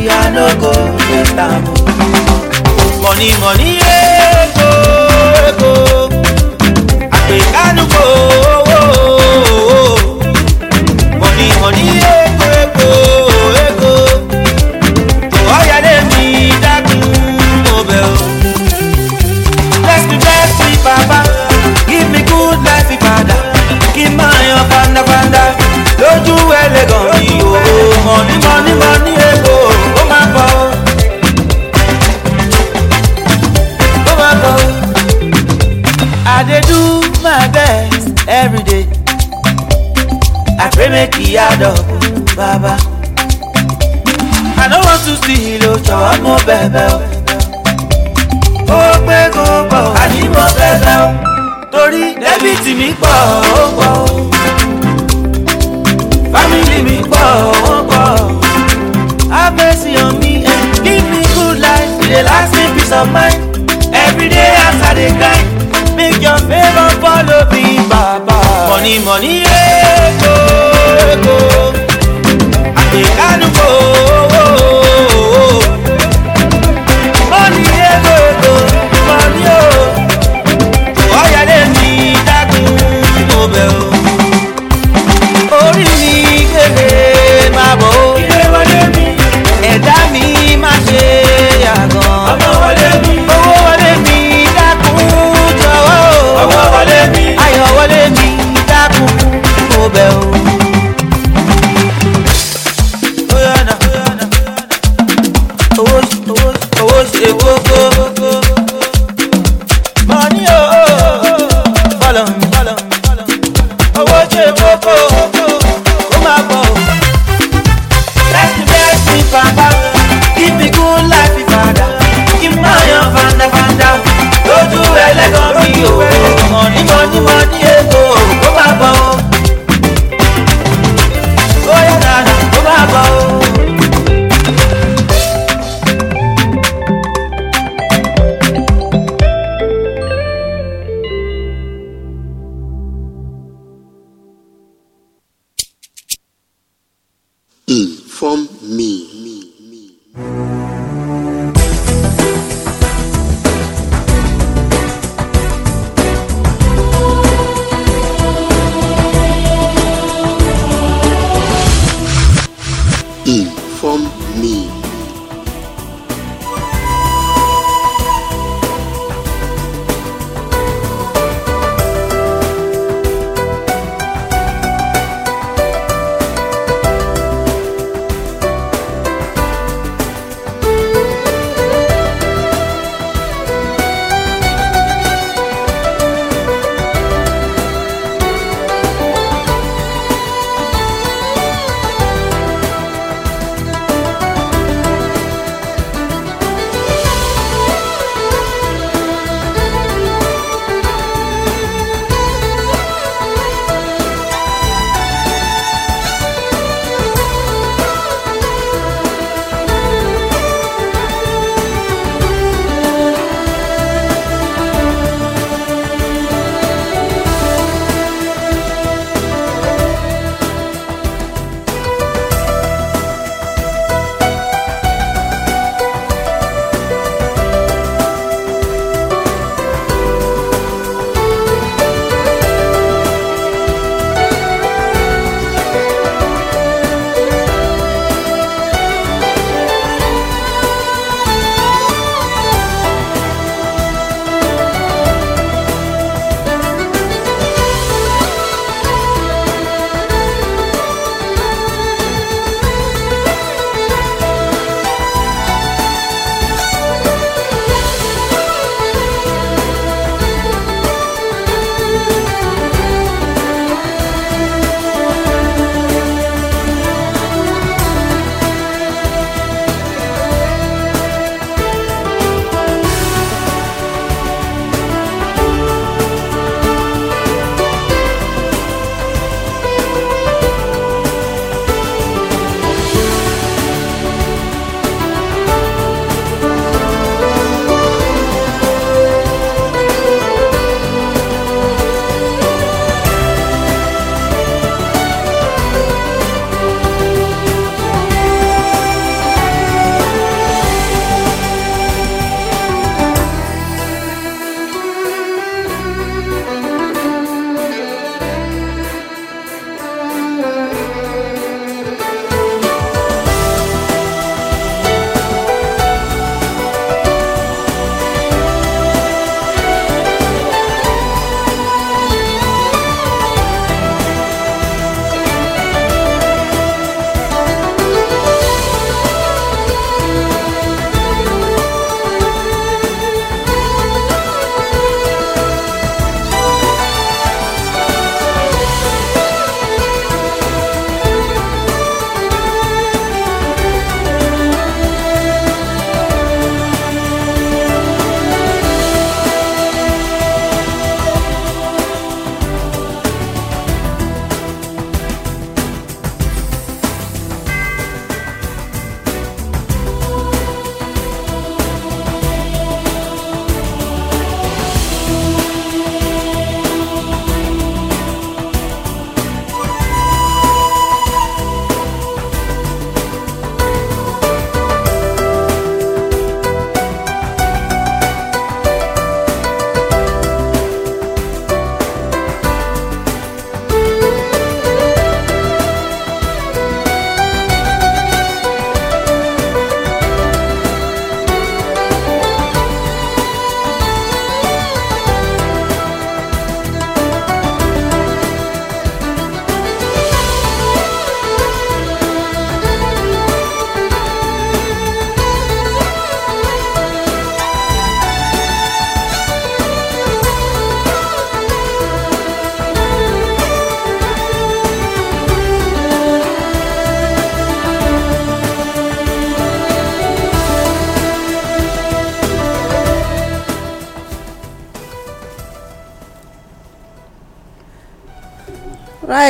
money, I no go get am. Money, money, ego, ego. I can't go. make e add up baba. I no want to see lo jọ̀wọ́ mo bẹ̀bẹ̀ o. Ó pé kó pọ̀ àní mo bẹ̀bẹ̀ o. Torí débìtì mi pọ̀ ó pọ̀ o. Fámìlì mi pọ̀ ó pọ̀ o. Have mercy on me and eh, give me good life. E dey last me peace of mind. Every day as I dey grind. Make your favour follow me, Baba. Money, money, yeah, oh ego àti ẹnu kò owó.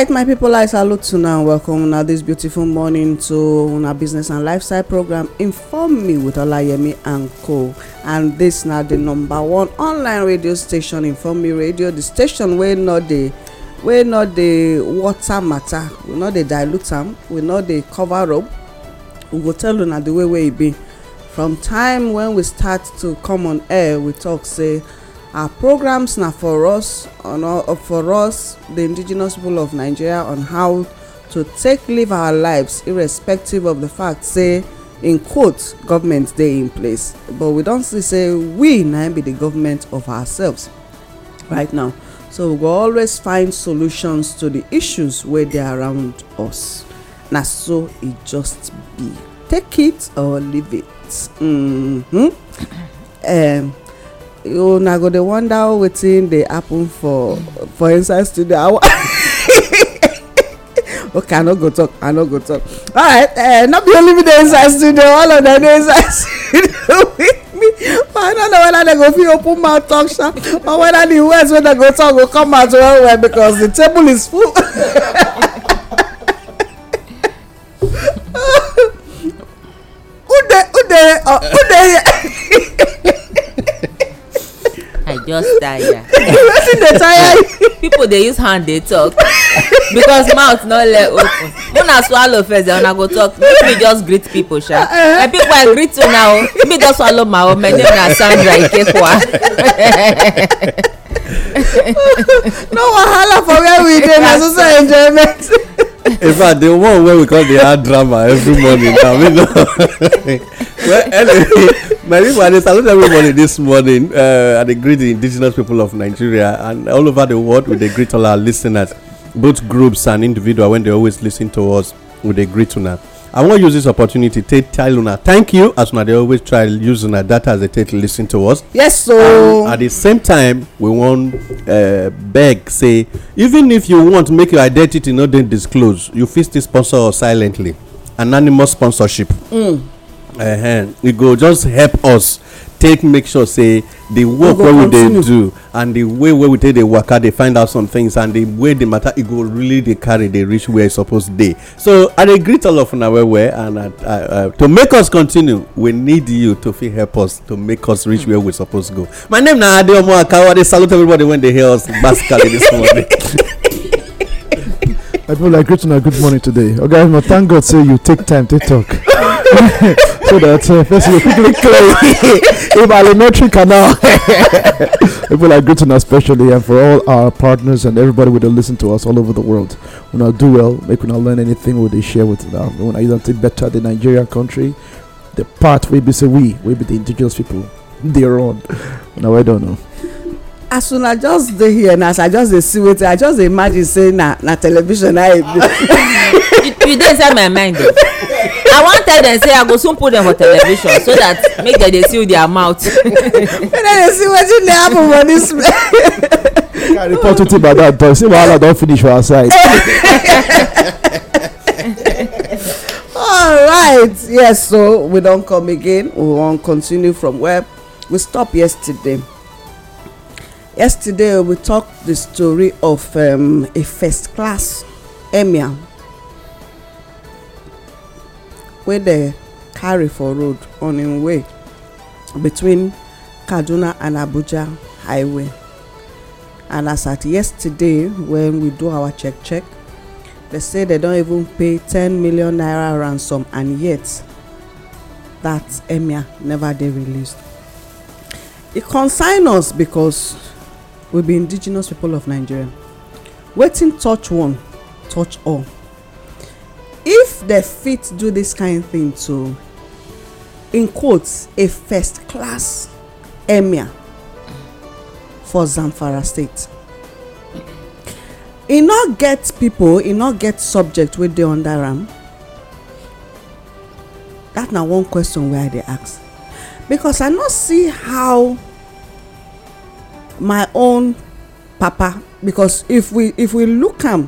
right my people i salute tuna and welcome una this beautiful morning to una business and lifestyle program inform me with olayemi and co and this na the number one online radio station inform me radio the station wey no dey wey no dey water matter we no dey dilute am we no dey cover up we go tell una the way wey e be from time when we start to come on air we talk say our programs na for us on all, uh, for us the indigenous people of nigeria on how to take live our lives irrespective of the fact say in quote government dey in place but we don see say we na be the government of ourselves right now so we go always find solutions to the issues wey dey around us na so e just be take it or leave it mm -hmm. um, una go dey wonder wetin dey happen for for inside studio okay i no go talk i no go talk All right, uh, eh, not be only me dey inside studio all of dem dey inside studio with me but i no know whether they go fit open mouth talk sha or whether the words wey they go talk go come out well well because the table is full. who dey who dey uh, who dey here just tire wetin dey tire you people dey use hand dey talk because mouth no let open una swallow first then una go talk make me just greet people sha my uh-huh. people i greet you now. o me just swallow my own my name na sandra ikekwa no wahala for where we dey na so so enjoyment. in fact the one where we call the hard drama every morning na me no well anyway my people i salute everybody this morning uh, i greet the indigenous people of nigeria and all over the world we greet all our listeners both groups and individuals when they always listen to us we greet to them. i wan use this opportunity take tell una thank you as una dey always try use una data as dey take listen to us yes so at the same time we wan uh, beg say even if you want make your identity no dey disclose you fit still sponsor us silently anonymous sponsorship mm. uh -huh. e go just help us take make sure say the work wey we dey do and the way wey we take dey waka dey find out some things and the way the matter e go really dey carry dey reach where e suppose dey so i dey greet all of una well well and to make us continue we need you to fit help us to make us reach where we suppose go my name na adeomo akawa i dey salute everybody wey dey hear us basically this morning. I feel like greeting una good morning today oga thank god say you take time to talk. so that uh, first you quickly clear in elementary canal. people are greeting us especially and for all our partners and everybody who listen to us all over the world. When I do well, make when I learn anything what they share with them? When I don't think better the Nigerian country, the part we be say we, we be the indigenous people, their own. Now I don't know. as una just dey here and as i just dey see wetin i just dey imagine say na na television i be. you dey inside my mind o i wan tell dem say i go soon put dem for television so that make dem dey seal their mouth. make dem dey see wetin dey happen for dis place. carry report wetin madam talk say wahala don finish for our side. all right yes so we don come again we wan continue from where we stop yesterday yesterday we talked the story of um, a first class emir wey dey carry for road on im way between kaduna and abuja highway and as at yesterday when we do our check check they say they don even pay ten million naira ransom and yet that emir never dey released e concern us because Will be indigenous people of nigeria wetin touch one touch all if dem fit do this kind thing to in quotes a first class emir for zamfara state e no get people, e no get subject wey dey under am dat na one question wey i dey ask because i no see how my own papa because if we if we look am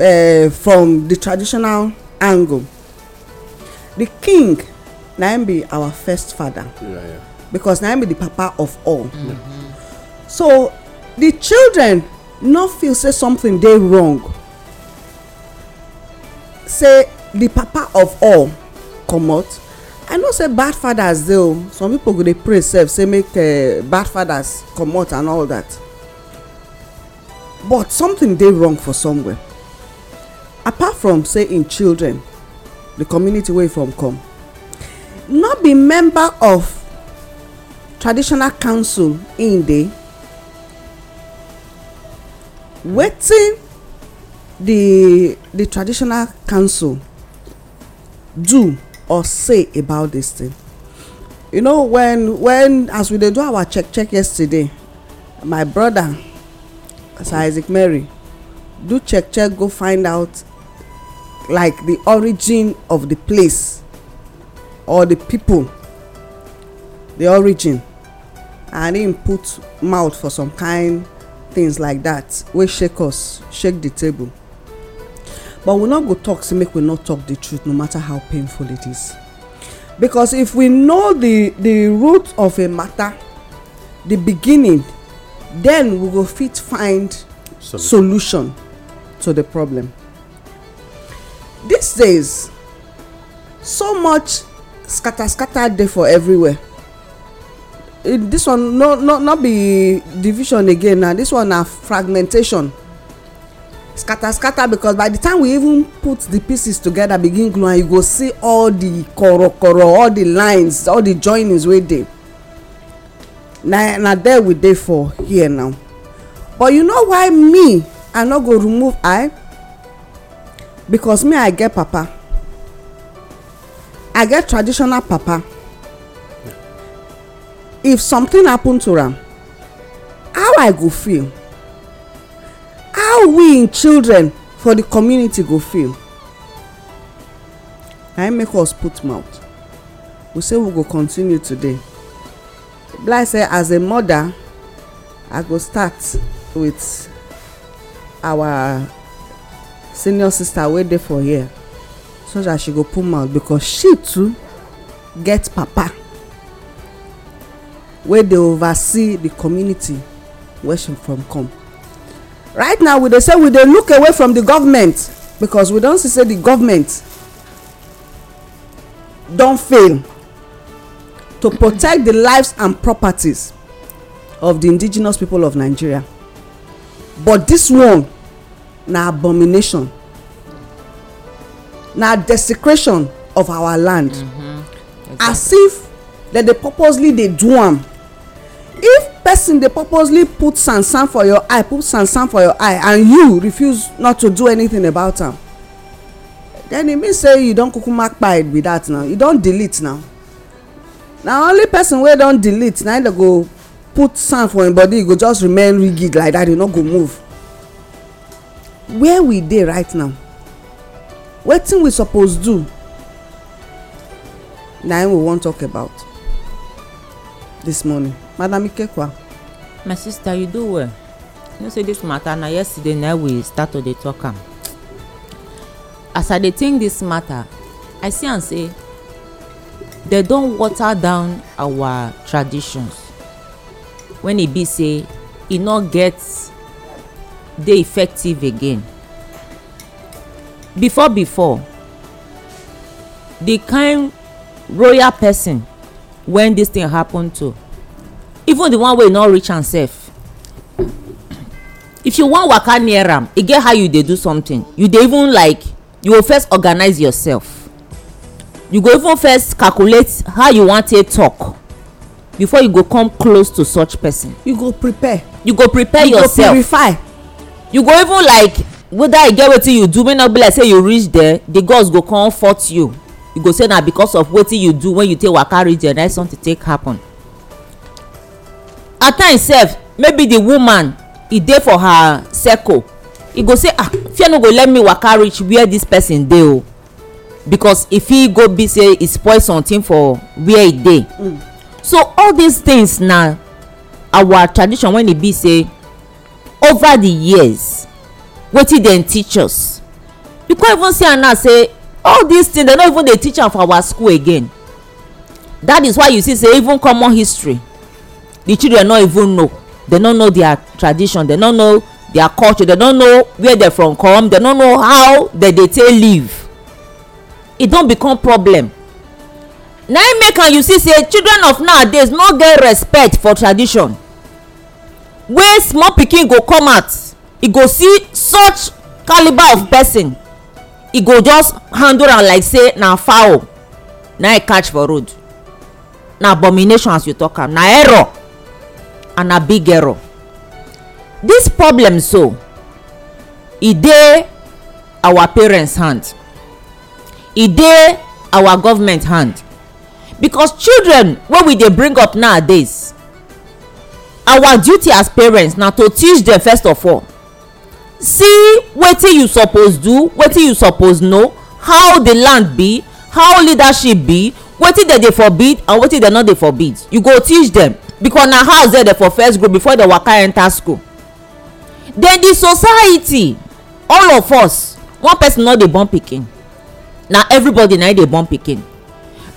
uh, from the traditional angle the king na him be our first father yeah, yeah. because na him be the papa of all mm -hmm. so the children no feel say something dey wrong say the papa of all comot i know say bad fathers dey o some people go dey pray sef say make eh, bad fathers comot and all that but something dey wrong for somewhere apart from say im children the community wey e from come not be member of traditional council im dey wetin the the traditional council do or say about this thing you know when when as we dey do our check check yesterday my brother sir isaac mary do check check go find out like the origin of the place or the people the origin and him put mouth for some kind things like that wey shake us shake the table but we no go talk say make we not talk the truth no matter how painful it is because if we know the the root of a matter the beginning then we go fit find solution to the problem these days so much scatter scatter dey for everywhere this one no no no be division again na this one na fragmentation scatter scatter because by the time we even put the pieces together begin glue and you go see all the koro, koro, all the lines all the joinings wey dey na na there we dey for here now but you know why me i no go remove eye because me i get papa i get traditional papa if something happen to am how i go feel we in children for the community go feel na im make us put mouth we say we go continue today like say as a mother i go start with our senior sister wey dey for here so that she go put mouth because she too get papa wey dey oversee the community where she from come right now we dey say we dey look away from the government because we don see say the government don fail to protect the lives and properties of the indigenous people of nigeria but this one na abomination na desecration of our land mm-hmm. as if dem dey purposely dey do am if person dey purposely put sand sand for your eye put sand sand for your eye and you refuse not to do anything about am then e mean say you don kukuma kpai be that now you don delete now na only person wey don delete na dem go put sand for im body e go just remain rigid like that e no go move where we dey right now wetin we suppose do na im we wan talk about this morning madam ikekwa my sister you do well you know say this matter na yesterday na we start to dey talk am as i dey think this matter i see am say dey don water down our traditions when e be say e no get dey effective again before before the kind royal person when this thing happen to even the one wey no reach am sef if you wan waka near am e get how you dey do something you dey even like you go first organize yourself you go even first calculate how you wan take talk before you go come close to such person. you go prepare. you go prepare you yourself. you go purify. you go even like whether e get wetin you do may not be like say you reach there the gods go come fault you you go say na because of wetin you do when you take waka reach there na something take happen at times sef maybe the woman e dey for her circle e go say ah fear no go let me waka reach where this person dey o because e fit go be say e spoil something for where e dey mm. so all these things na our tradition when e be say over the years wetin dem teach us you come even see am now say all these things dem no even dey teach am for our school again that is why you see say even common history the children no even know they no know their tradition they no know their culture they no know where they from come they no know how they dey take live e don become problem na im make am you see say children of nowadays no get respect for tradition wey small pikin go come out e go see such caliber of person e go just handle am like say na fowl na e catch for road na abomination as you talk am na error and a big error This problem so e dey our parents hand e dey our government hand because children wey we dey bring up nowadays our duty as parents na to teach dem first of all see wetin you suppose do wetin you suppose know how the land be how leadership be wetin dem dey forbid and wetin dem no dey forbid you go teach dem because na house dey dey for first group before dey waka enter school then the society all of us one person no dey born pikin na everybody na dey born pikin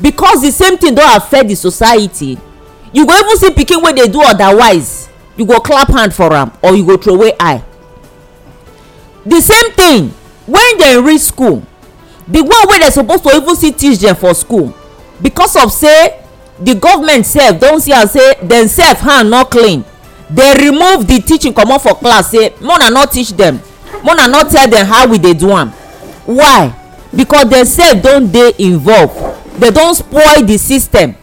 because the same thing don affect the society you go even see pikin wey dey do otherwise you go clap hand for am or you go throw away eye the same thing when dem reach school the one wey dem suppose to even see teach dem for school because of say the government sef don see am say dem sef hand no clean dey remove the teaching comot for class say mona no teach dem mona no tell dem how we dey do am why because dem sef don dey involve dem don spoil the system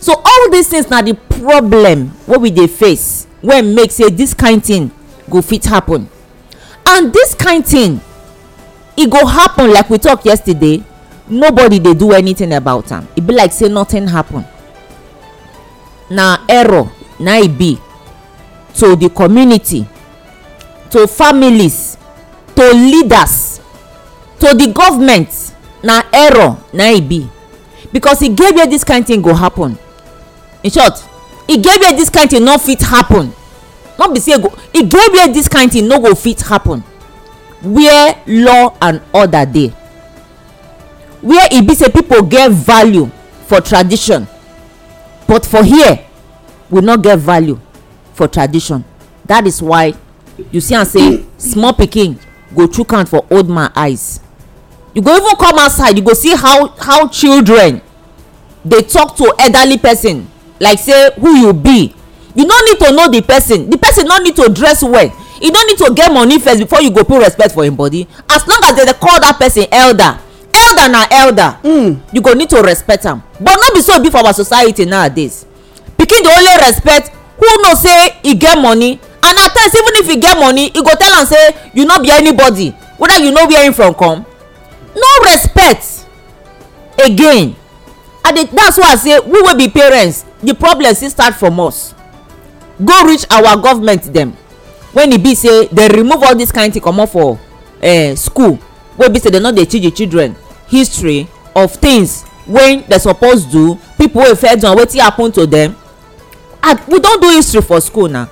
so all these things na the problem wey we dey face wey make say this kind thing go fit happen and this kind thing e go happen like we talk yesterday nobody dey do anything about am e be like say nothing happen na error na e be to the community to families to leaders to the government na error na e be because e get where this kind thing go happen in short e get where this kind thing no fit happen no be say e go e get where this kind thing no go fit happen where law and order dey where e be say people get value for tradition but for here we no get value for tradition that is why you see am say small pikin go chook hand for old man eyes you go even come outside you go see how how children dey talk to elderly person like say who you be you no need to know the person the person no need to dress well e no need to get money first before you go put respect for him body as long as they dey call that person elder elder na elder mm. you go need to respect am but no be so e be for our society nowadays pikin dey only respect who know say e get money and at times even if e get money e go tell am say you no be anybody whether you know where im from come no respect again i dey that's why i say we wey be parents the problem still start from us go reach our government dem when e be say dem remove all this kind thing comot for uh, school wey be say dem no dey teach the children history of things wey dem suppose do people wey first do and wetin happen to dem we don do history for school now.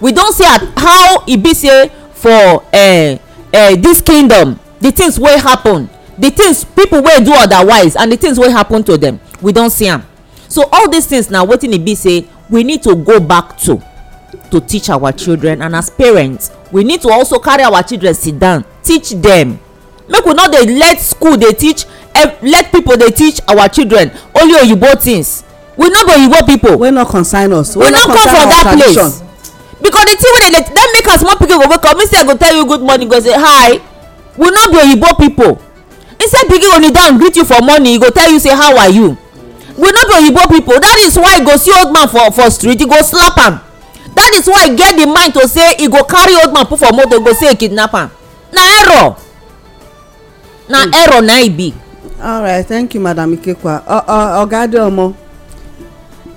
we don see how e be say for uh, eh, uh, eh, dis kingdom the things wey happen the things people wey do otherwise and the things wey happen to them we don see am so all these things na wetin e be say we need to go back to to teach our children and as parents we need to also carry our children sit down teach them make we no dey let school dey teach eh, let people dey teach our children only oyibo things we no be oyibo people wey no concern us we no come from that place because the thing wey dey dey make our small pikin go wake up I go tell you good morning go say hi we no be oyibo people instead pikin go kneel down greet you for morning e go tell you say how are you we no be oyibo people that is why you go see old man for for street you go slap am that is why e get the mind to say e go carry old man put for motor go say e kidnap am na error na hmm. error na e be alright thank you madam ikekwa ogade omo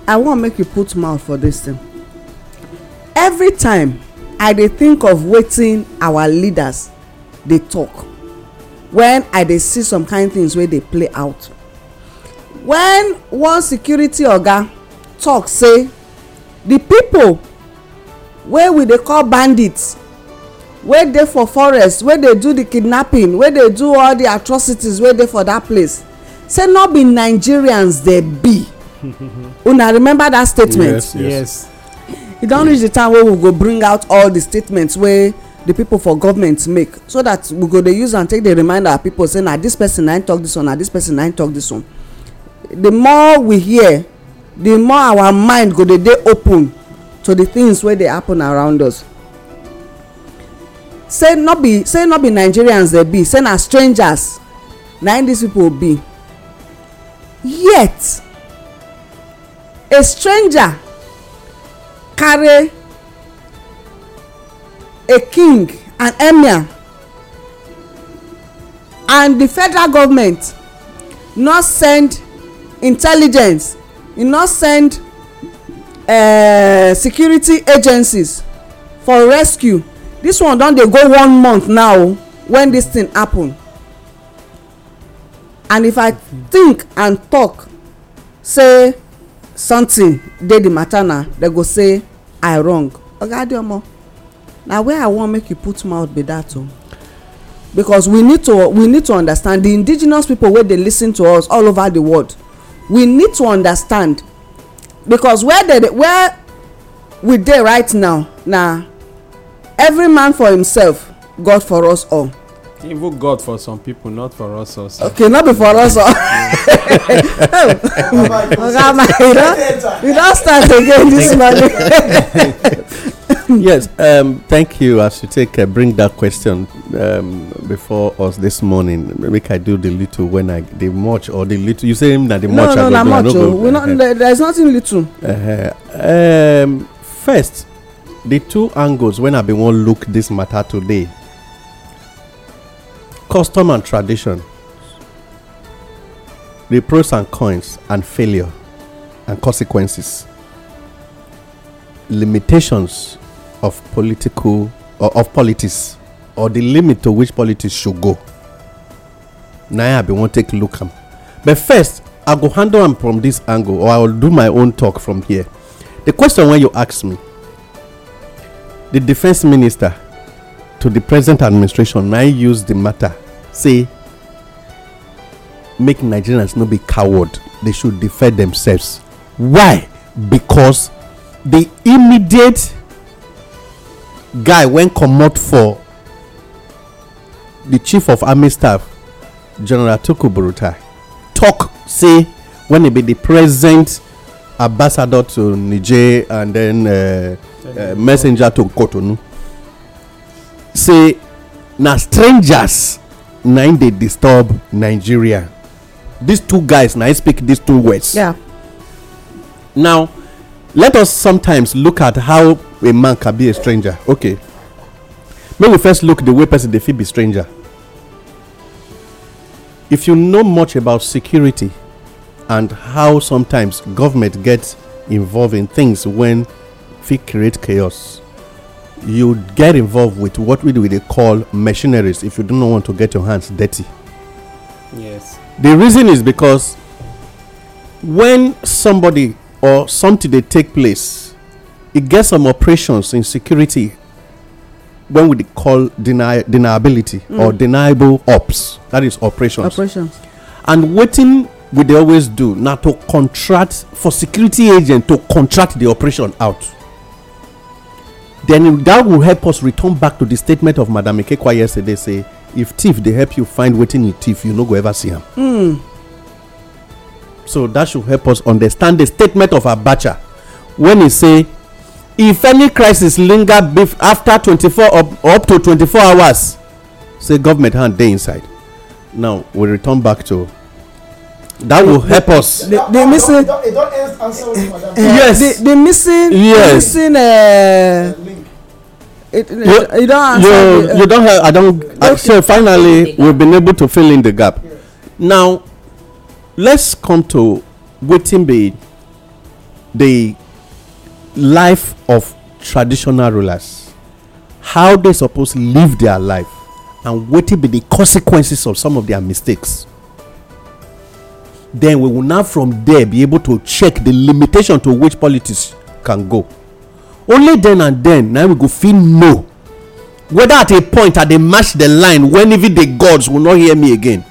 i wan make you put mouth for this thing every time i dey think of wetin our leaders dey talk when i dey see some kind things wey dey play out when one security oga talk say the people wey we dey call bandits wey dey for forest wey dey do the kidnapping wey dey do all the atrocities wey dey for that place say no be nigerians dey be una remember that statement yes yes e don reach the time wey we go bring out all the statements wey the people for government make so that we go dey use am take dey remind our people say na this person na talk this one na this person na talk this one the more we hear the more our mind go dey dey open to the things wey dey happen around us say no be say no be nigerians dem be say na strangers na im these people be yet a stranger carry a king and emir and the federal government no send intelligence e no send eh, security agencies for rescue This one don dey go one month now When this thing happen and if i think and talk say something dey the matter na dem go say i wrong oga adeomo na where i wan make you put mouth be that o because we need to we need to understand the indigenous people wey dey listen to us all over the world we need to understand because where they where we dey right now na every man for himself god for us all even god for some people not for us also. okay not before us all. oga you don you don start again this morning. yes um, thank you as you take uh, bring that question um, before us this morning make i do the little when i the much or the little you say that the much no, no, no go. no na much o we uh-huh. there's nothing little. Uh -huh. um, first the two angles when i been wan look this matter today custom and tradition the pros and cons and failure and consequences limitations of political or uh, of politics or the limit to which politics should go Now i be wan take look am but first i go handle am from this angle or i will do my own talk from here the question when you ask me the defence minister to the present administration na use the matter say make nigerians no be coward they should defend themselves why because the immediate guy wen comot for the chief of army staff general toku Talk. say when he be the president ambassador to Niger and then uh, uh, messenger to Kotonu. say na strangers na im dey disturb Nigeria these two guys na im speak these two words. Yeah. now let us sometimes look at how a man can be a stranger okay make we first look the way person dey fit be stranger if you know much about security and how sometimes government gets involved in things when it create chaos. You get involved with what we do they call machineries if you do not want to get your hands dirty. Yes. The reason is because when somebody or something they take place, it gets some operations in security when we call deny deniability mm. or deniable ops. That is operations. Operations. And waiting we dey always do na to contract for security agent to contract the operation out then that will help us return back to the statement of madam ikekwa yesterday say if thief dey help you find wetin e thief you no go ever see am hmm. so that should help us understand the statement of abacha when he say if any crisis linger after twenty 24 up to twenty-four hours say government hand dey inside now we return back to that will help us. the the missing eh, yes the missing yes the missing uh, it, you, you don't answer you, eh. you don't have i don't okay. so finally we've been able to fill in the gap yes. now let's come to wetin be the life of traditional rulers how they suppose live their life and wetin be the consequences of some of their mistakes then we will now from there be able to check the limitation to which politics can go only then and then na we go fit know whether at a point i dey match the line when even the gods will not hear me again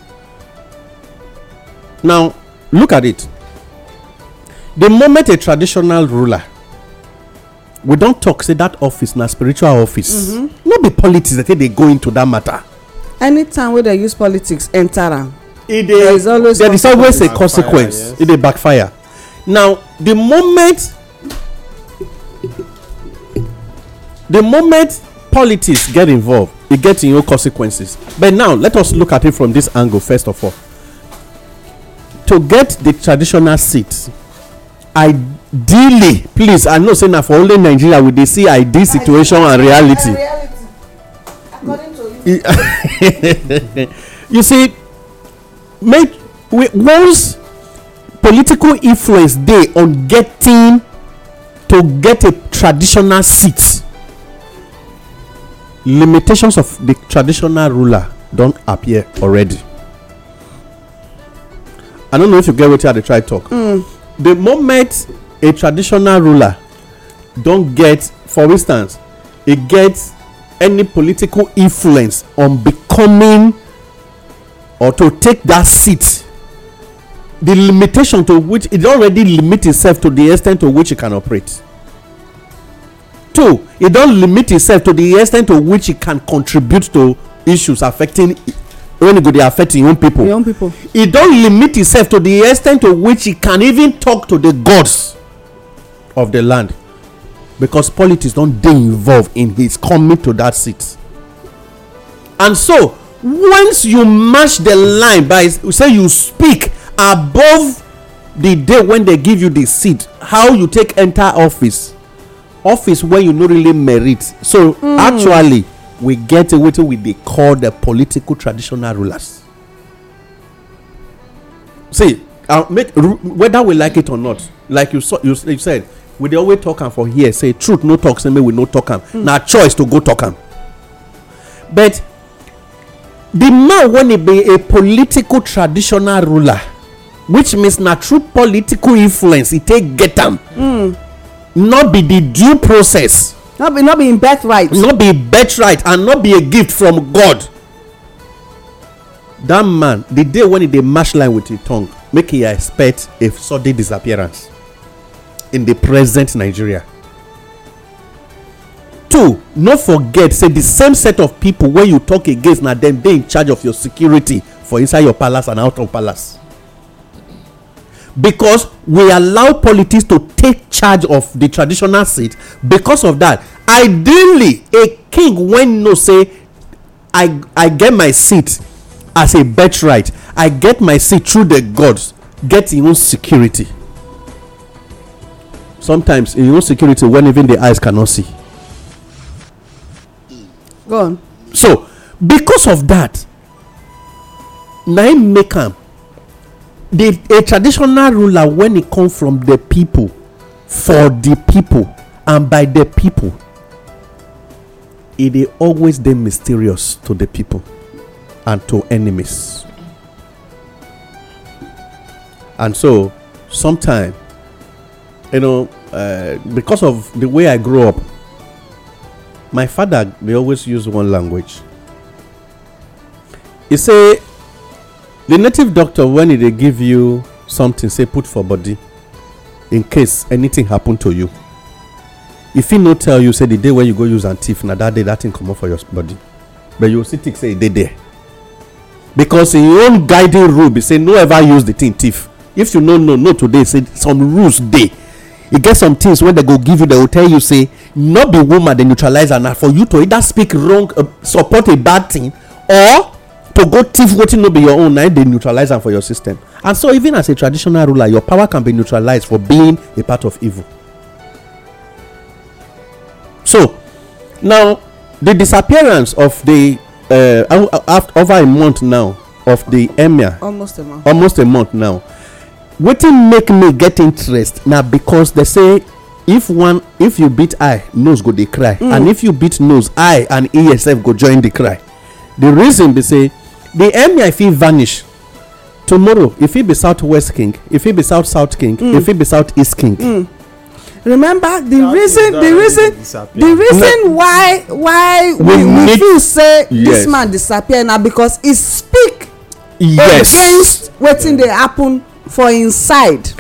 now look at it the moment a traditional ruler we don talk say that office na spiritual office mm-hmm. no be politics that dey go into that matter anytime wey dem use politics enter am e dey there is always there is always a consequence It dey backfire now the moment the moment politics get involved e get im own consequences but now let us look at it from this angle first of all to get the traditional seat ideally please i know say na for only nigeria we dey see ideal situation and reality you see make once political influence dey on getting to get a traditional seat limitations of the traditional ruler don appear already i no know if you get wetin i dey try talk mm. the moment a traditional ruler don get for instance e get any political influence on becoming or to take that seat the limitation to which it already limit itself to the extent to which it can operate two it don limit itself to the extent to which it can contribute to issues affecting when e go dey affect im own people im own people e don limit itself to the extent to which e can even talk to the gods of the land because politics don dey involved in his coming to that seat and so once you match the line by say you speak above the day when they give you the seat how you take enter office office when you no really merit so mm. actually we get wetin we dey call the political traditional rulers see uh, make whether we like it or not like you, saw, you, you said we dey always talk am for here say truth no talk say make we no talk am mm. na choice to go talk am but The man wey be a political traditional ruler which means na through political influence e take get am hmm. not be the due process not be be im birthright not be birthright and not be a gift from god dat man di day wen e dey match line with im tongue make e expect a sudden disappearance in di present nigeria two no forget say the same set of people wey you talk against na dem dey in charge of your security for inside your palace and out of palace because we allow politics to take charge of the traditional seat because of that, ideally a king wey know say i i get my seat as a birthright i get my seat through the gods get im own security sometimes im own security when even the eyes cannot see go on so because of that na im make am a traditional ruler when e come from the people, for the people, and by the people, e dey always dey mysterious to the people, and to enemies and so sometimes you know uh, because of the way i grow up my father dey always use one language e say the native doctor when e dey give you something say put for body in case anything happen to you e fit no tell you say the day wey you go use am thief na that day that thing comot for your body but you still think say e dey there because im own guiding rule be say no ever use the thing thief if you no know no today say some rules dey e get some things wey dem go give you dem go tell you say not be woman dey neutralize na for you to either speak wrong uh, support a bad thing or to go thief wetin no be your own na dey neutralize am for your system and so even as a traditional ruler your power can be neutralized for being a part of evil so now the disappearance of the uh, over a month now of the emir almost a month almost a month now wetin make me get interest na because they say if one if you beat eye nose go dey cry mm. and if you beat nose eye and ear sef go join dey cry the reason be say the emir fit vanish tomorrow e fit be south west king e fit be south south king e mm. fit be south east king mm. remember the reason the reason the reason why why we feel say this man disappear na because he speak against wetin dey happen for inside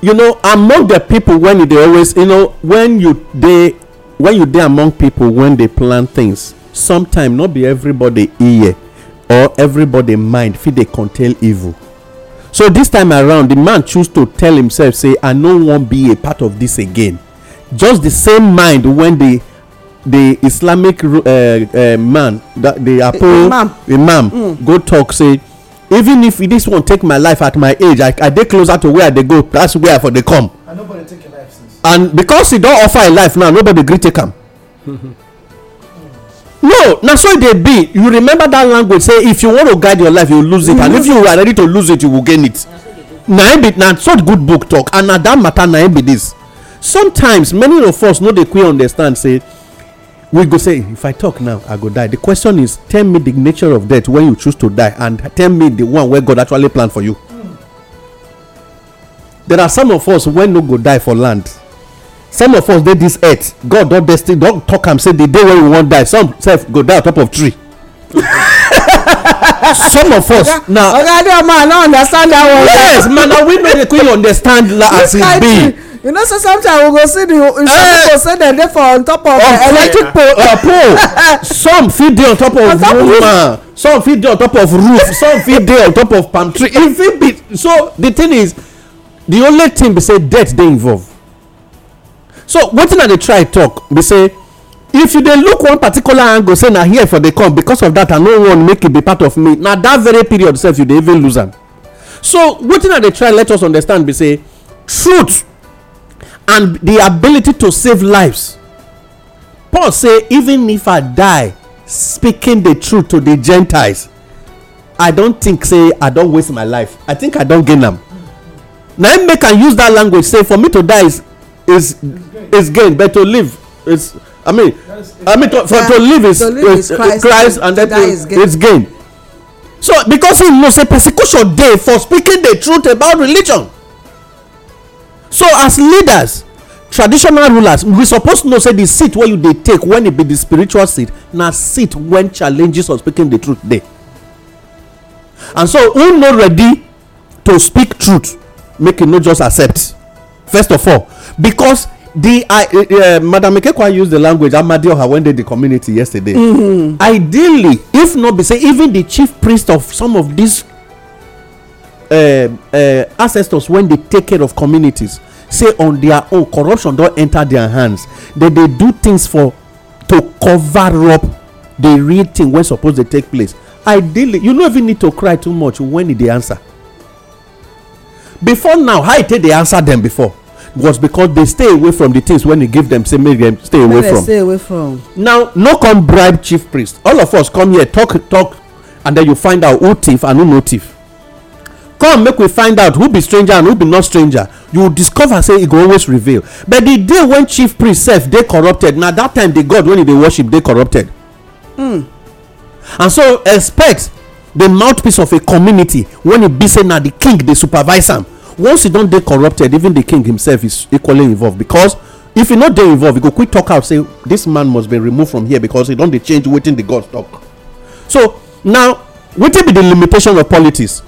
you know among the people when you dey always you know when you dey when you dey among people when dey plan things sometimes no be everybody ear or everybody mind fit dey contain evil so this time around the man choose to tell himself say i no wan be a part of this again just the same mind when the the islamic uh, uh, man that the apollo imam, imam mm. go talk say even if this one take my life at my age i i dey closer to where i dey go that's where i for dey come and nobody take your life since and because e don offer im life now nobody gree take am no na so e dey be you remember that language say if you wan to guide your life you lose it and if you are ready to lose it you go gain it na im e be na so good book talk and na that matter na e be this sometimes many of us no dey quick understand say we go say if i talk now i go die the question is tell me the nature of death when you choose to die and tell me the one wey god actually plan for you there are some of us wey no go die for land some of us dey this earth god don destiny don talk am say the day wey we wan die some sef go die on top of tree some of us okay. now oga adeoma i no understand that one yes man na we make dey quick understand as e be you know say sometimes we go see the people say dem dey for on top of oh, electric uh, pole uh, pole. some fit dey on top of woman some fit dey on top of roof some fit dey on top of palm tree e fit be so the thing is the only thing be say death dey involved so wetin i dey try talk be say if you dey look one particular angle say na here for dey come because of that i no wan make e be part of me na that very period sef you dey even lose am so wetin i dey try let us understand be say truth and the ability to save lives paul say even if i die speaking the truth to the gentiles i don think say i don waste my life i think i don gain am na im make am use that language say for me to die is is is gain but to live is i mean i mean to for to live is is christ and then to is gain so because he know say persecution dey for speaking the truth about religion so as leaders traditional rulers we suppose know say the seat wey you dey take when e be the spiritual seat na seat when challenges of speaking the truth dey and so who no ready to speak truth make e no just accept first of all because the i eh, eh, madam ikekwa use the language amadioha when dey the community yesterday mm-hmm. ideally if not be say even the chief priest of some of these Eh, eh, ancestors when they take care of communities say on their own corruption don enter their hands dem dey do things for to cover up the real thing wey suppose dey take place ideally you no even need to cry too much when e dey answer before now how e take dey answer them? before was because they stay away from the things when you e give them say make them stay away from stay away from now no come bribe chief priest all of us come here talk talk and then you find out who thief and who no thief come make we find out who be stranger and who be not stranger you discover say e go always reveal but the day when chief priest sef dey corrupted na that time the god wey e dey worship dey corrupted hmm. and so expect the mouthpiece of a community when e be say na the king dey supervise am once e don dey corrupted even the king himself is equally involved because if e no dey involved e go quick talk out say this man must be removed from here because e don dey change wetin the god talk so now wetin be the limitation of politics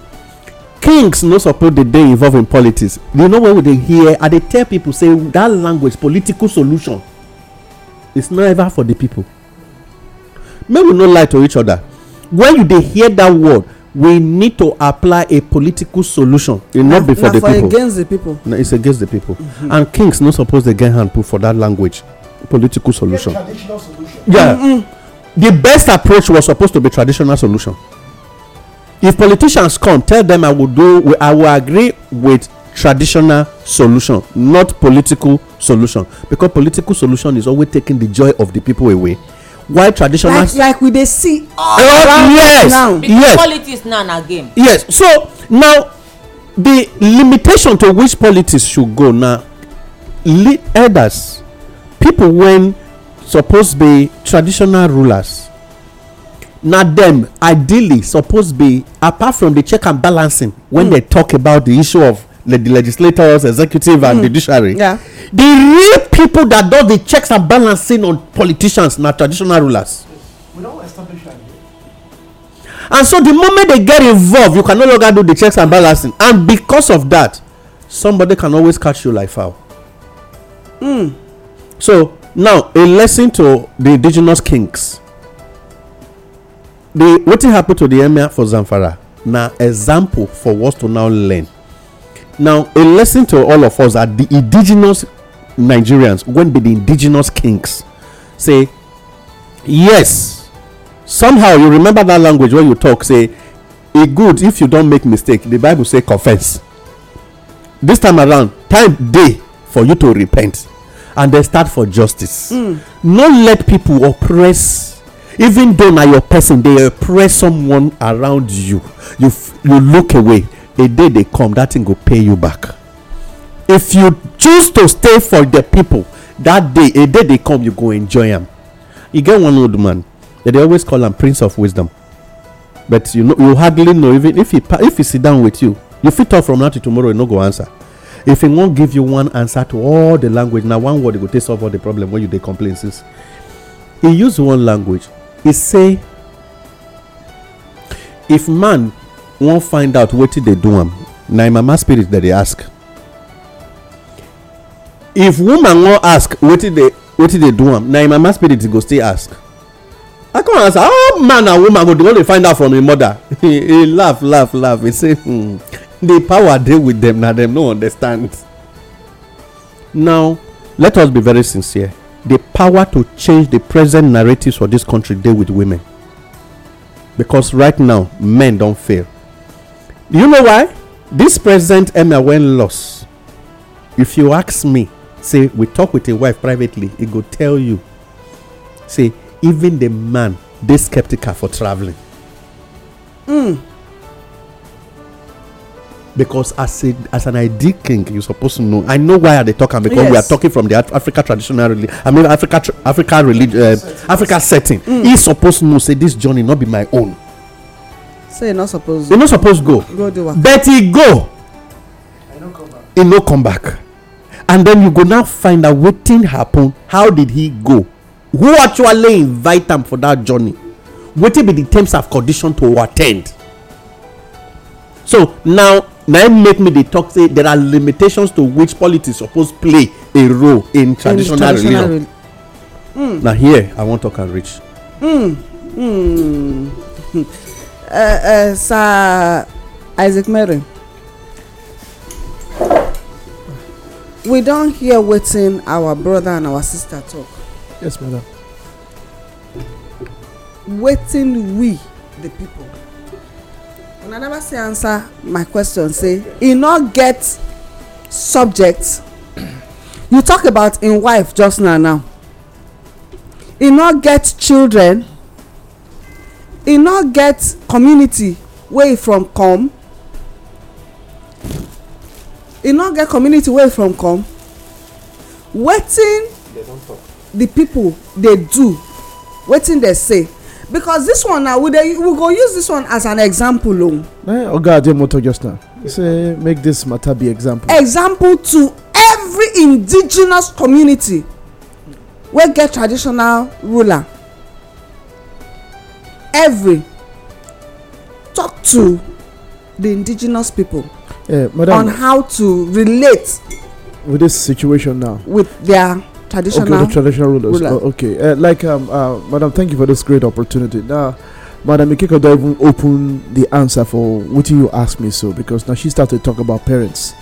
kings no suppose dey dey involved in politics you know what we dey hear i dey tell people say that language political solution is never for the people make we no lie to each other when you dey hear that word we need to apply a political solution e no be for the people na for against the people na it's against the people mm-hmm. and kings no suppose dey get hand put for that language political solution yeah the best approach was supposed to be traditional solution if politicians come tell them i will do i will agree with traditional solution not political solution because political solution is always taking the joy of the people away why traditional. like like we dey see all oh, around yes, now because yes. politics now na game. yes so now the limitation to which politics should go na lead elders people wey suppose be traditional rulers na dem ideally suppose be apart from the check and balancing when hmm. they talk about the issue of the legislators executive and hmm. judiciary yeah, the real people that do the checks and balancing on politicians na traditional rulers we don establish am and so the moment they get involved you can no longer do the checks and balancing and because of that somebody can always catch you like foul mm. so now a lesson to the indigenous kings the wetin happen to the emir for zamfara na example for us to now learn now a lesson to all of us are the indigenous nigerians when be the indigenous kings say yes somehow you remember that language when you talk say e good if you don make mistake the bible say confess this time around time dey for you to repent and then start for justice mm. no let people oppress even though na your person dey oppress someone around you you you look away a day dey come that thing go pay you back if you choose to stay for the people that day a day dey come you go enjoy am e get one old man dem dey always call am prince of wisdom but you know you hardly know even if he if he sit down with you you fit talk from now till tomorrow e no go answer if he wan give you one answer to all the language na one word he go take solve all the problem wey you dey complain since e use one language He say if man wan find out wetin dey do am na im mama spirit dem dey ask if woman wan ask wetin dey do am na im mama spirit go still ask i come answer how man and woman go dey find out from im mother He laugh laugh laugh He say hmm the power dey with dem na dem no understand now let us be very sincere the power to change the present narratives for this country deal with women. Because right now, men don't fail. Do you know why? This present Emma went lost. If you ask me, say we talk with a wife privately, it go tell you. Say, even the man, they skeptical for traveling. Mm. because as a as an id king you supposed to know i know why are they talking because yes. we are talking from the Af africa traditional religion i mean africa tr africa religion uh, africa setting mm. supposed to know say this journey not be my own. so not supposed. suppose. not supposed to go. go do work. but he go. he no come back. and then you go now find out thing happen how did he go who actually invite him for that journey wetin be the terms and conditions to attend so now na im make me dey talk say there are limitations to which politics suppose play a role in traditional religion na hmm. here i wan talk and reach hmm. Hmm. Uh, uh, sir isaac mary we don hear wetin our brother and our sister talk. yes madam wetin we the people una never say answer my question say e no get subject you talk about im wife just now now e no get children e no get community wey from come e no get community wey e from come wetin The people dey do wetin dey say because this one now we dey we go use this one as an example o. Oh. Eh, oga ademoto just now say make this matter be example. example to every indigenous community wey get traditional ruler every talk to the indigenous people. Yeah, madam, on how to relate. with this situation now. with their traditional. Okay, the traditional rulers. Oh, okay, uh, like um, uh, madam, thank you for this great opportunity. Now, madam Ikeko even open the answer for what you asked me so because now she started to talk about parents,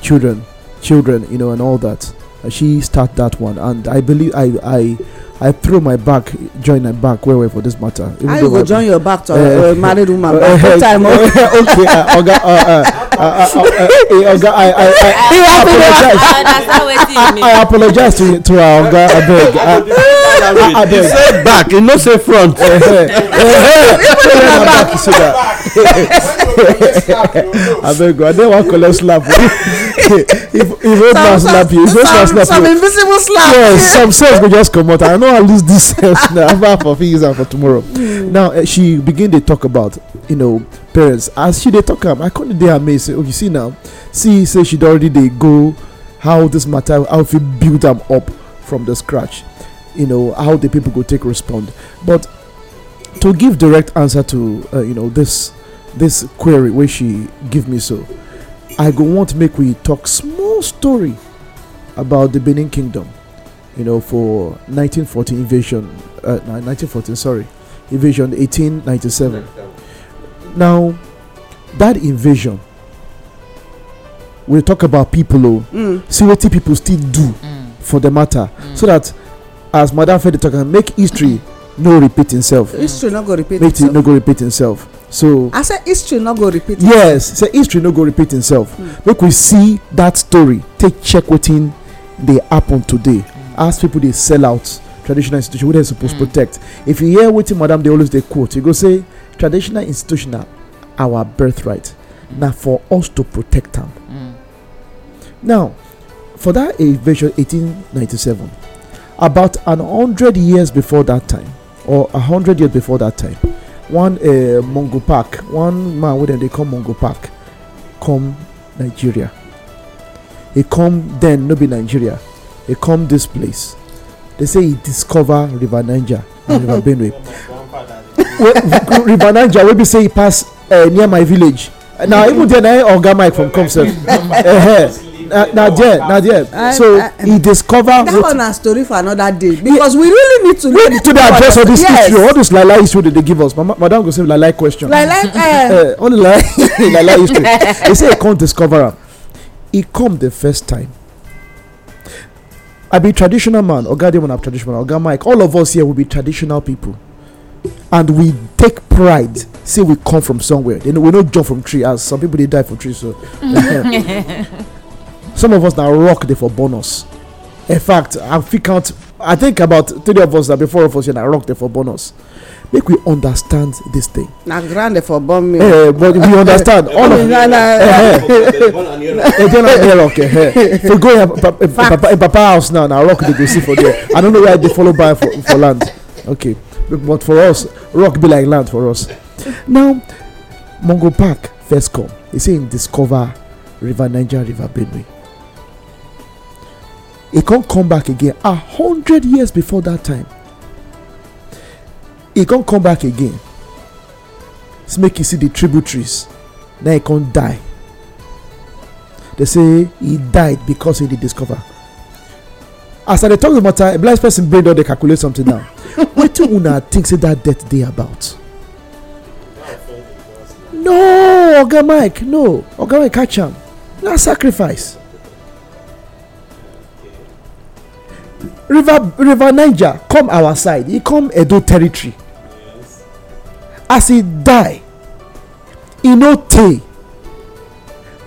children, children, you know, and all that. she start that one, and I believe I I. I throw my back, join my back, where well, well, for this matter. Even I will join your back to uh, a married woman. Uh, uh, time uh, okay, uh, Oga, uh, uh, uh, uh, Oga, I, I, I, I apologize. I apologize to, to our Oga, I that you say back you no say front even eh, eh. if back so that abeg i dey wan collect slap if if old man slap you if old man slap you some invisible slap yes some sef go just comot i no wan lose this sense. na i for fit and for tomorrow now eh, she begin dey talk about you know parents as she dey talk am i come dey amazed oh you see now see say she don already dey go how this matter how we fit build am up from the scratch you know how the people could take respond but to give direct answer to uh, you know this this query where she give me so i go want make we talk small story about the benin kingdom you know for 1914 invasion uh, 1914 sorry invasion 1897 now that invasion we talk about people oh mm. see what people still do mm. for the matter mm. so that as madam Fede talk am make history no repeat himself mm. history no go repeat himself make it no go repeat himself so i say history no go repeat himself yes say history no go repeat himself mm. make we see that story take check wetin dey happen today mm. as people dey sell out traditional institution wey dem suppose protect if you hear wetin madam dey always dey quote you e go say traditional institution na our birthright na for us to protect am now for dat invasion seven about an hundred years before that time or a hundred years before that time one uh, eh, mongo park one man wey dem dey call mongo park come nigeria He come then no be nigeria he come this place they say he discover river niger and river benue river niger wey be say e pass uh, near my village na even there na oga mike from comsec na there na there so he discover. that one na story for another day because we really need to know. we need to dey address all this yes. issue all this lie issue dey dey give us madam go say eh, eh. lie lie question. lie lie uh, only lie lie lie history they say he come discover am he come the first time i be traditional man oga damon na traditional oga mike all of us here will be traditional people and we take pride say we come from somewhere we no jump from tree as some people dey die from tree so some of us na rock dey for bonus in fact i fit count i think about three of us be before of us here na rock dey for bonus make we understand this thing. na ground dey for burn me. Eh, eh but we understand all of na na again i dey rock eh, eh. so go in papa in papa house now na rock dey go see for there i no know where i dey follow buy for for land okay but for us rock be like land for us now mongo park first come e say im discover river niger river benue He come come back again a hundred years before that time he come come back again make you see the tributaries na he come die They say he died because he dey discover as i dey tok di matter a blind person brain don dey calculate something now wetin una think say that death dey about no oga mike no oga mike catch am na sacrifice river river niger come our side He come edo territory as he die e no tey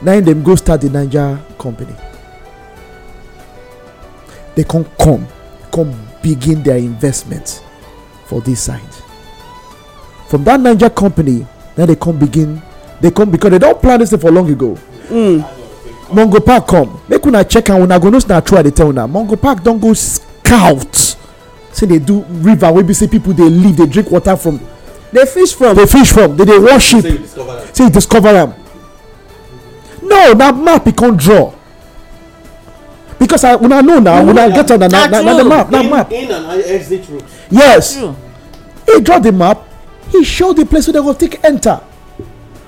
na im dem go start the niger company They come come come begin their investment for this side from that niger company na they come begin They come because they don plan this thing for long ago hmm. mongo park come make una check am una go know say na true i dey tell una mongo park don go scout say dey do river wey be say people dey live dey drink water from dey fish from dey fish from dey dey worship say you discover am no na map e come draw because i una know now una get on na the map na map in and exit route yes he draw the map he show the place wey dem go take enter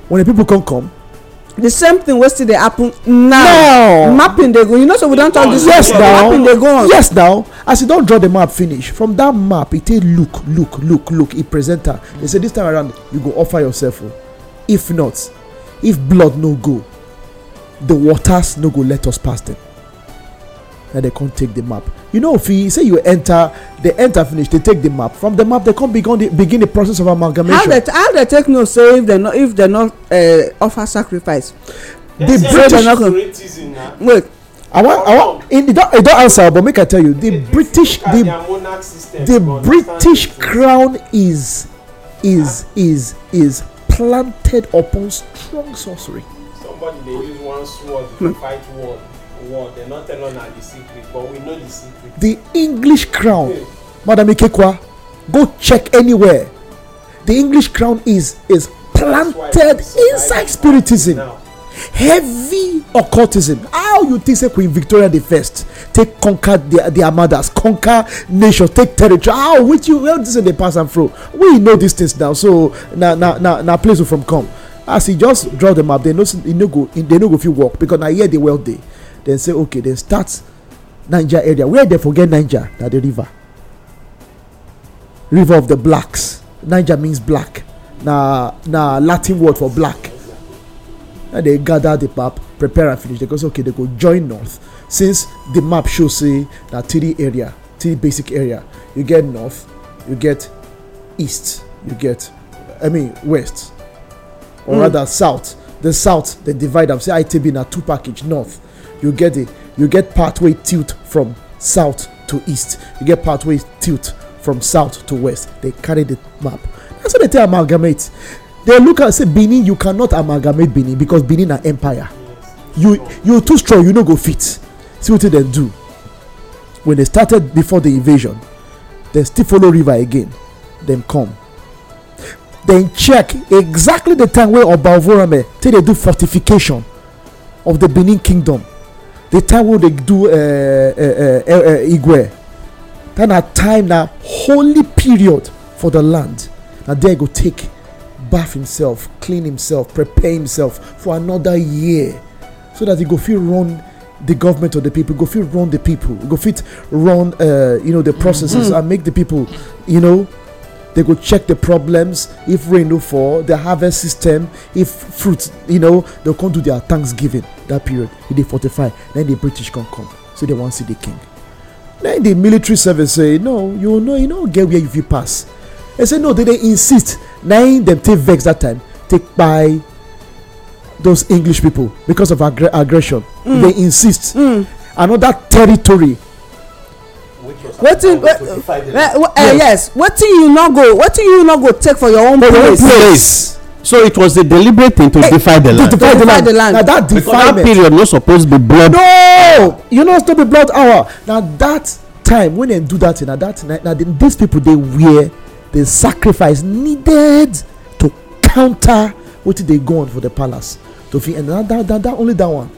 when the people come come the same thing wey still dey happen now mapping dey go you know so we don talk oh, this yes now mapping dey go on yes now as e don draw the map finish from that map e take look look look look e present am dey say this time around you go offer yourself o oh. if not if blood no go the waters no go let us pass them na dem come take the map you know fi say you enter dey enter finish dey take the map from the map dey come begin the begin the process of amalgamation. how dey take know say if dem no if dem no uh, offer sacrifice. the british wait i wan i wan e don answer but make i tell you the british the the british crown is is ah. is is planted upon strong sorcery. somebody dey use one sword to hmm. fight war world. They're not telling us the secret, but we know the secret. The English crown, okay. Madam Ikekwa, go check anywhere. The English crown is is planted inside spiritism. Heavy occultism. How you think say Queen Victoria the First take conquer the the Armadas, conquer nation, take territory? How which you well this is the pass and through. We know these things now. So now now now now place from come. as he just draw the map they no they no go they no go fit walk because na here they well dey then say okay then start niger area where they forget niger na the river river of the blacks niger means black na na latin word for black na they gather the map prepare and finish they go say okay they go join north since the map show say na three area three basic area you get north you get east you get i mean west or mm. rather south the south they divide am say itb na two package north you get a you get pathway tilt from south to east you get pathway tilt from south to west they carry the map that's why they tell amalgamate they look and say benin you cannot amalgamate benin because benin na empire you you too strong you no go fit see wetin dem do when they started before the invasion dem still follow river again dem come dem check exactly the time wey oba ovorame take dey do fortification of the benin kingdom the time wey dey do eh, eh, eh, igwe that na time na holy period for the land na there go take bath himself clean himself prepare himself for another year so that he go fit run the government of the people go fit run the people go fit run you know the processes mm-hmm. and make the people you know they go check the problems if rain no fall the harvest system if fruit you know they come do their thanksgiving that period e dey fortify then the british come come so they want to see the king then the military service say no you know you know, get where you pass they say no they they insist Then they take vex that time take by those english people because of aggression mm. they insist mm. another territory wetin eh, yes wetin you no go wetin you no go take for your own place Place. so it was a deliberate thing to hey, eh, defy the land. to defy, defy the land Now that defilement. that period no suppose be blood. no ah. you no suppose be blood hour Now that time when dem do that thing na that thing na these people dey wear the sacrifice needed to counter wetin dey go on for the palace to fit end na that that that only that one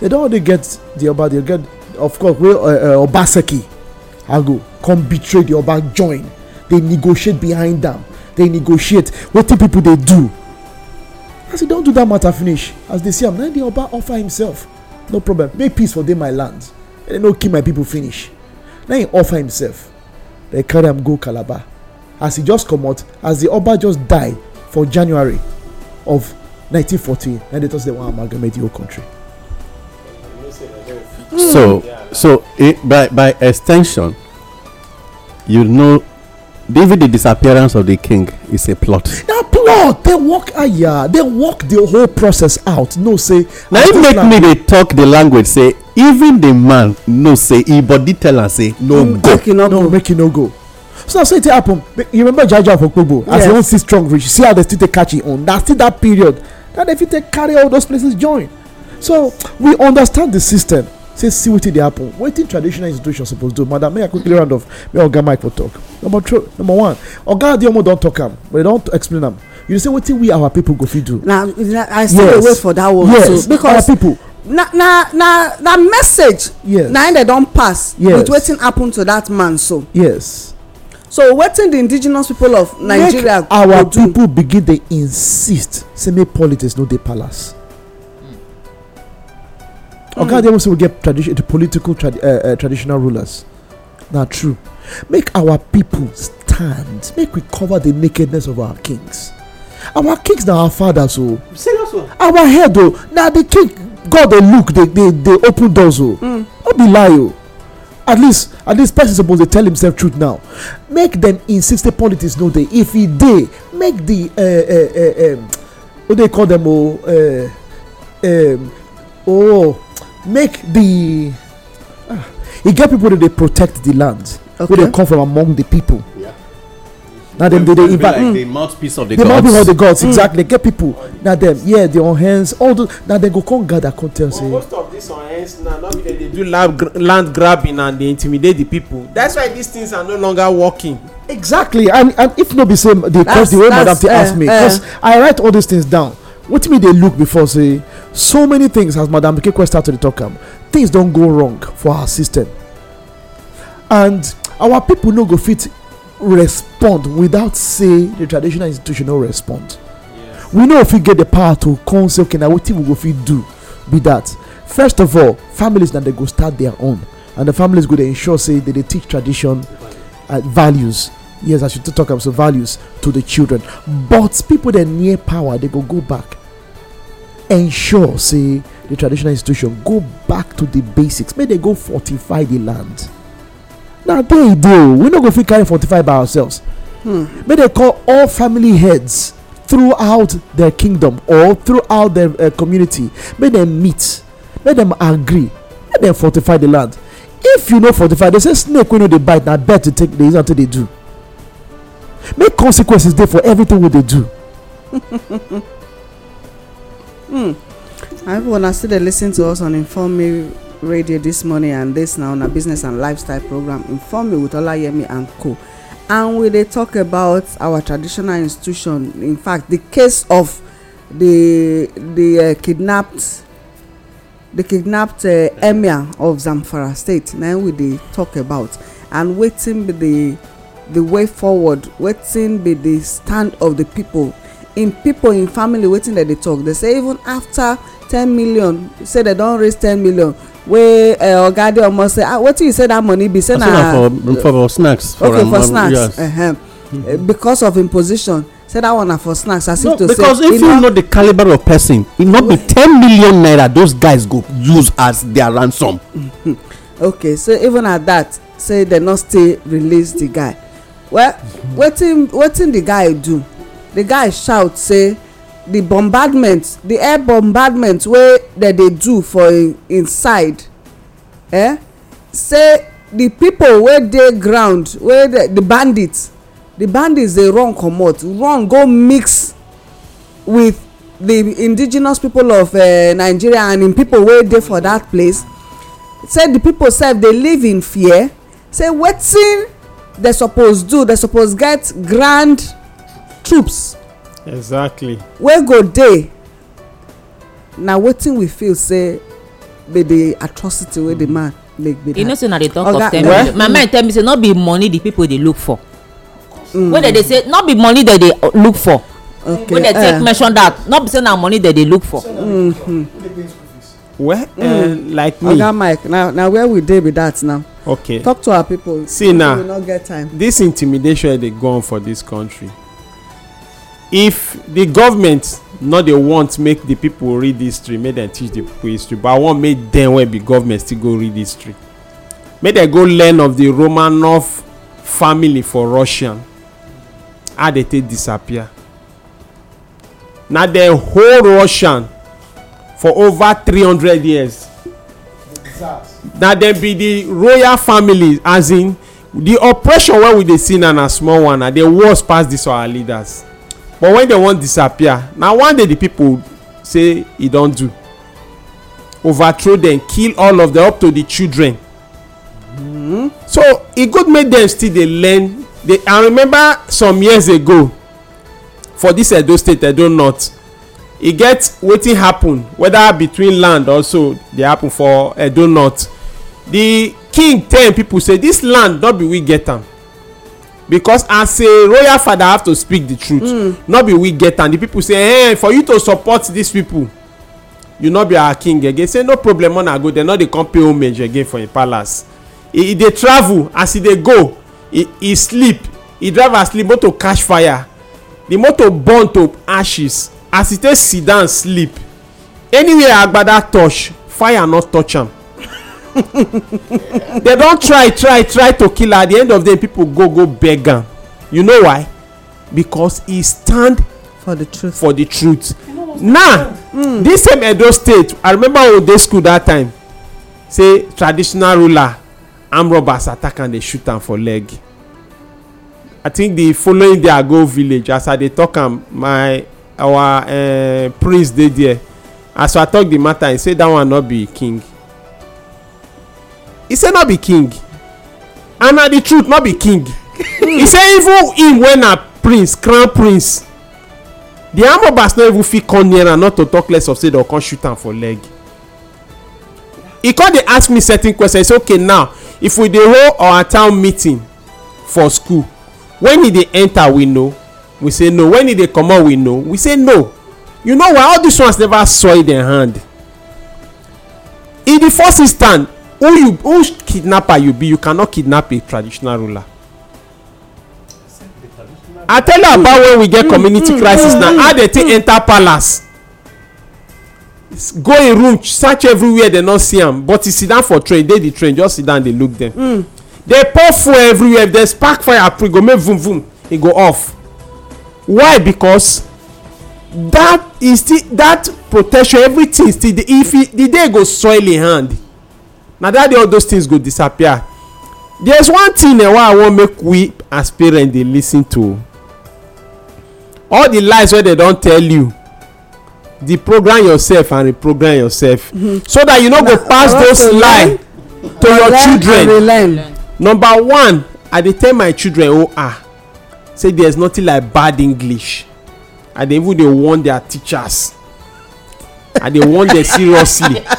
they don already get the oba they get of course where uh, uh, obaseki ago come betray the oba join they negotiate behind them. They negotiate the people They do as he don't do that matter finish as they see am na the oba offer himself no problem make peace for them. my land make dem no kill my people finish na he offer himself They carry him go calabar as he just come out, as the oba just die for january of 1914 na dey talk say dem wan amalgamate the whole country so hmm. so it, by by extension you know even the disappearance of the king is a plot. na plot they work aya ah, they work the whole process out no say. na im make me dey talk the language say even the man know say im body tell am say no mm, go make no, no go. make e no go so na so e take happen you remember jaja for okpogbo as yes. e wan see strong reach see how dem still take catch im own na still that period na dem fit take carry all those places join so we understand the system say see wetin dey happen wetin traditional institutions suppose do madam may i quickly round off may oga mike for talk number two number one oga adeomo don talk am but he don explain am you say wetin we our people go fit do. na i still dey wait for that one yes because our people. na na na na message. yes na im dem don pass. yes with wetin happen to that man so. yes. so wetin di indigenous people of nigeria go do. make our people begin dey insist say make politics no dey palace oga adeomusi will get tradition the political trad- uh, eh, uh, eh, traditional rulers Not true make our people stand make we cover the nakedness of our kings our kings now our fathers o oh. serious o our head o oh, now the king god dey look They they dey open doors Oh, mm. no be lie Oh, at least at least person supposed to tell himself truth now make them insist the politics no they if e dey make the uh, uh, uh, um, what dey call them o. Uh, um, oh, eh, oh make the ah, e get people that dey protect the land wey dey come from among the people na dem dey dey invite like mm. the mouthpiece of the gods the mouthpiece of the gods mm. exactly get people na dem yeah the unhands all those na dem go come gather come tell say. most of these unhands na no be dem dey do land grabbing and dey intimidate the people that's why these things are no longer working. exactly and and if no be say the cause the way madam fit ask eh, me eh. because i write all these things down What me they look before say so many things as madam kekwe start to talk am um, things don go wrong for our system and our people no go fit respond without say the traditional institution no respond we no fit get the power to come say okay na wetin we go fit do be that first of all families na dey go start their own and the families go dey ensure say they dey teach tradition values yes i should talk am um, so values to the children but people dey near power dey go go back ensure say the traditional institution go back to the basics make they go fortify the land na there e dey we no go fit carry fortify by ourselves hmm. make they call all family heads throughout their kingdom or throughout their uh, community make dem meet make dem agree make dem fortify the land if you no fortify they say snake wey no dey bite na bet to take dey use am dey do make consequences dey for everything wey dey do Hmm. I hope una still dey lis ten to us on Inform Me Radio this morning and this na una business and lifestyle program Inform Me with Olayemi and co. And we dey talk about our traditional institution in fact the case of the the uh, kidnapped the kidnapped uh, emir of zamfara state na we dey talk about and wetin be the the way forward wetin be the stand of the people im pipo im family wetin dem dey talk dey say even after ten million say dem don raise ten million wey eh, oga dey almost say ah, wetin you say dat money be say na for snacks for okay for um, snacks -huh. Mm-hmm. Eh, because of im position say dat one na for snacks as if to say because if you know the caliber of person e no be ten million naira those guys go use as their ransom mm-hmm. okay so even at that say dem no still release the guy well mm-hmm. wetin wetin the guy do The guy shout say the bombardment the air bombardment wey dem dey do for inside eh say the people wey dey ground wey the bandits the bandits dey run comot run go mix with the indigenous people of eh, nigeria and im people wey dey for dat place say di pipo sef dey live in fear say wetin dem suppose do dem suppose get grand troops exactly wey go dey na wetin we feel say be the atrocity wey the mm. man make be that you know say na dey talk of ten million my mind tell me say not be money the people dey look for mm. wey dem dey say not be money dem dey uh, look for Okay. wey dem take eh. mention that not be say na money dem dey look for mm-hmm. well uh, mm. like me oga mike na where we dey be that now okay talk to our people see now. we no get time this intimidation dey go on for this country if the government no dey want make the people read history make dem teach the people history but i want make dem wey be government still go read history make dem go learn of the romanov family for russian how dey take disappear na dem hold russian for over three hundred years na dem be the royal family as in the oppression wey we dey see na na small one na dey worse pass this our leaders but when dem wan disappear na one day the people say e don do overthrow them, kill all of them up to the children hmm? so e good make them still dey learn i remember some years ago for dis edo state edo north e get wetin happen whether between land also dey happen for edo north The king tell im pipo say this land no be we get am because as a royal father i have to speak the truth mm. not be we get am the people say hey, for you to support these people you no be our king again say no problem una go dem no dey come pay homage again for im palace e dey travel as e dey go e sleep e drive as sleep motor catch fire the motor burn to ashes as e take sit down sleep anywhere agbada touch fire no touch am They don try try try to kill her at the end of the day pipo go go beg am you know why because he stand for the truth for the truth now mm, this same edo state i remember we dey school that time say traditional ruler armed robbers attack am dey shoot am for leg i think the following day i go village as i dey talk am my our eh, priest dey there as i talk the matter he say that one no be king He say no be king and na the truth no be king He say even him wey na prince crown prince The amobas no even fit come near am not to talk less of say dem come shoot am for leg He come dey ask me certain questions say okay now if we dey hold our town meeting for school when e dey enter we know we say no when e dey comot we know we say no you know why all these ones never soil their hand in the first instance who you who kidnapper you be you cannot kidnap a traditional ruler i tell you about when we get community mm, mm, crisis mm, na how dey take enter palace go in room search everywhere dem no see am but e sit down for train dey the train just sit down dey look dem dey pour fuel everywhere if spark fire april go make vroom vroom e go off why because that is still that protection everything still dey if e the day go soil e hand na that day all those things go disappear there's one thing wey i wan make we as parents dey lis ten to all the lies wey dem don tell you deprogram yourself and reprogram yourself mm-hmm. so that you no go pass those lie to your children number one i dey tell my children oh ah say there's nothing like bad english i dey even dey warn their teachers i dey warn them seriously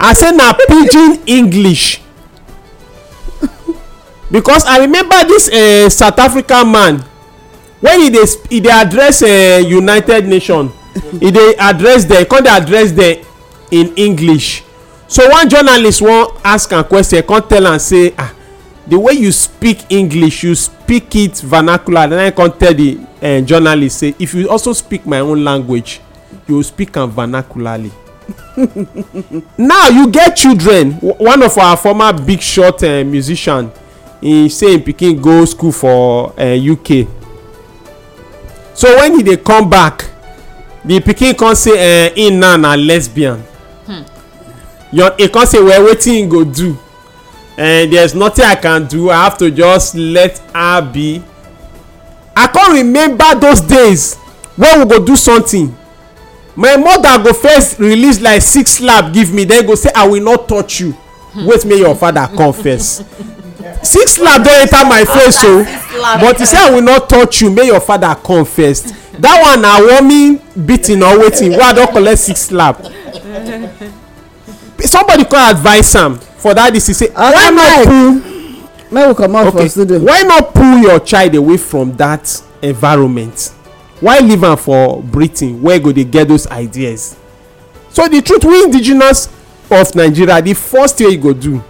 i say na pidgin english because i remember dis eh, south african man when he dey address eh, united nations he dey address dem come dey address dem in english so one journalist wan ask am question come tell am say ah the way you speak english you speak it vernacular then i come tell the eh, journalist say if you also speak my own language you speak am vernacularly now you get children one of our former big shot uh, musician he say him pikin go school for uh, eh, uk so when he dey come back the pikin come say uh, him now na lesbian hmm. your he come say well wetin he go do uh, there's nothing i can do i have to just let her be i come remember those days when we go do something my mother go first release like six slap give me then go say i will not touch you hmm. wait make your father come first six slap don enter my face o oh. but he say i will not touch you make your father come first that one na warming beating or waiting wey i don collect six slap somebody come advise am for that he say ah, why not pull we okay why not pull your child away from that environment why leave am for britain where go dey get those ideas so the truth we indigenous of nigeria the first thing you go do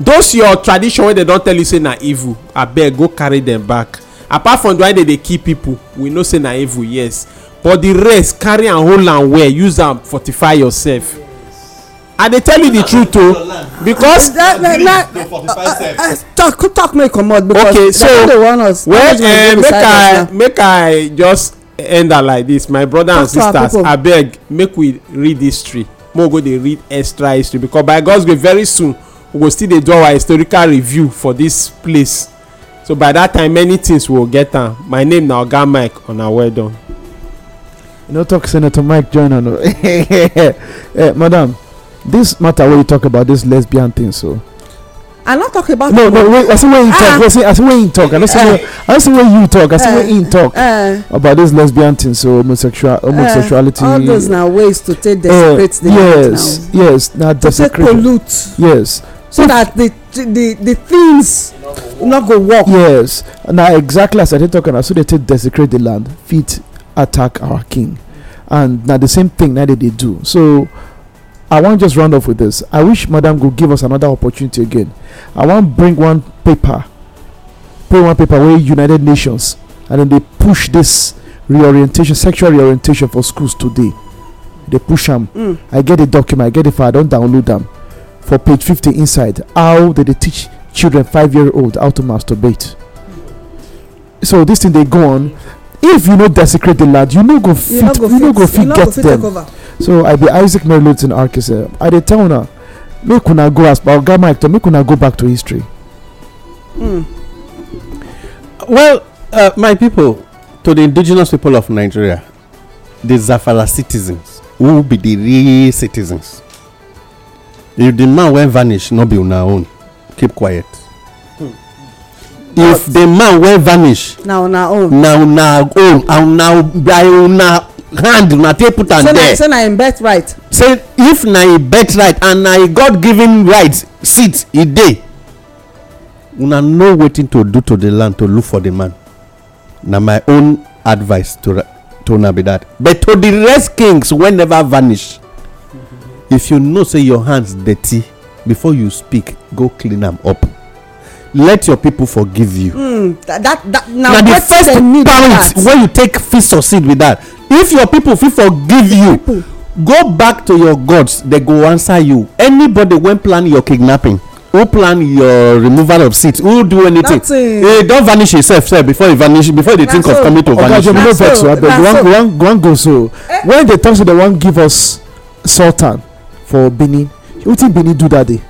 those your tradition wey dem don tell you say na evil abeg go carry dem back apart from the one dem dey kill people we know say na evil yes but the rest carry am hold am well use am fortify yourself i dey tell you the truth o because that, uh, uh, uh, uh talk talk make comot because okay, so, they dey warn us well uh, make i make i just end am like this my brother talk and sisters abeg make we read history make we go dey read extra history because by god's grace very soon we go still dey do our historical review for this place so by that time many things will get am my name na oga mike una well done. you no know, talk senator mike join on, o eh, madam this matter wey you talk about this lesbian thing so i not talk about no no wait i see where you talk ah. i see where you talk i see where I see where you talk i see where you eh, talk eh. about this lesbian thing so eh, homosexuality all those now ways to take desecrate the yes yes Now desecrate pollute yes so that the the the things not go work yes Now exactly as i did talk na so they take desecrate the land feet attack our king and now the same thing now that they do so I want to just round off with this. I wish Madam could give us another opportunity again. I want to bring one paper, bring one paper where United Nations, and then they push this reorientation, sexual reorientation for schools today. They push them. Mm. I get the document, I get the file, I don't download them. For page 50 inside, how did they teach children five year old how to masturbate? So this thing they go on. If you know desecrate the lad, you know go fit, you know go fit get them. so i be isaac merlutin arkise i dey tell una make una go as per oga mike talk make una go back to history. Mm. well uh, my people to the indigenous people of nigeria the zafala citizens who be the real citizens if the man wey vanish no be una own keep quiet hmm. if the man wey vanish na una own na una own and na by una hand na take put am there say na im birth right say if na im birth right and na im god given right sit e dey una know wetin to do to the land to look for the man na my own advice to to una be that but to the rest kings wey never vanish if you know say your hands dirty before you speak go clean am up let your people forgive you mm, that, that, na the first point wey you take fit succeed with that if your people fit forgive you go back to your gods they go answer you anybody wey plan your kidnapping who plan your removal of seat who do anything e eh, don vanish himself sef before e vanish before e dey think of coming to oh, vanish oga no vex o abeg one go so eh. when they talk say dem wan give us sultan for benin wetin benin do dat day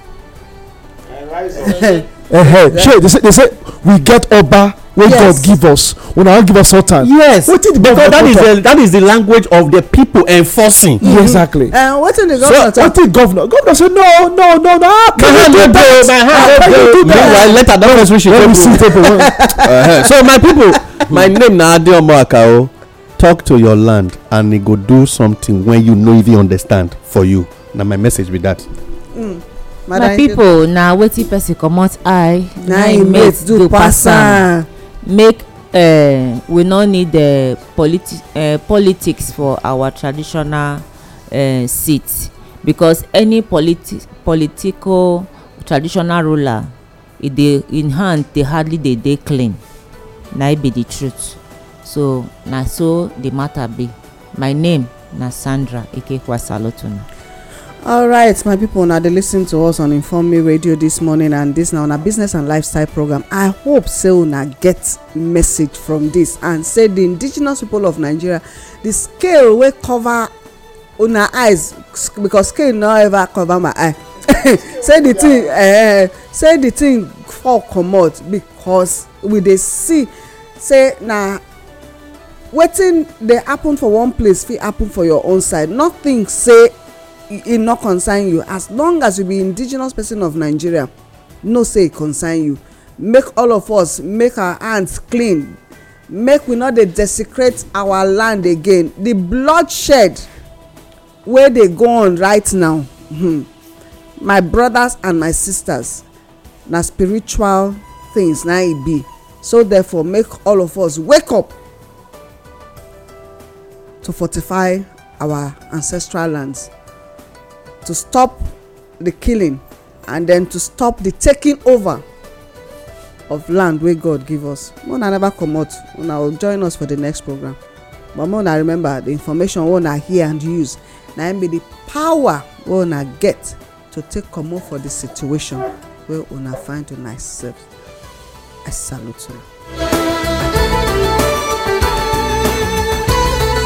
eh, shey They say we get oba wey god give us una wan give us all time yes the because that is the that is the language of the people enforcing mm-hmm. exactly and uh, wetin the governor talk wetin governor governor say no no no no how ah, can you do that how ah, can you do that meanwhile later that was when she go see uh-huh. so my people my hmm. name na adeomo akao oh. talk to your land and e go do something wey you no even understand for you na my message be that. Mm. my pipo na wetin pesin comot eye na im mate do pass am make um we no need um politi um politics for our traditional um eh, seat because any politi political traditional ruler e dey im hand dey hardly dey dey clean na it e be the truth so na so the matter be my name na sandra ekekwasalotono. All right, my people. una dey listen to us on inform me radio this morning and dis na una business and lifestyle program i hope say una get message from this and say the indigenous people of nigeria the scale wey cover una eyes because scale no ever cover my eye say the thing uh, say the thing fall comot because we dey see say na wetin dey happen for one place fit happen for your own side Nothing say e no concern you as long as you be indigenous person of nigeria No say e concern you make all of us make our hands clean make we no dey desecrate our land again the bloodshed wey dey go on right now hmm, my brothers and my sisters na spiritual things na e be so therefore make all of us wake up to fortify our ancestral lands to stop the killing and then to stop the taking over of land wey god give us make una never comot una go join us for the next program but make una remember the information wey una hear and use na im be the power wey una get to take comot for the situation wey una find una sef i salute una.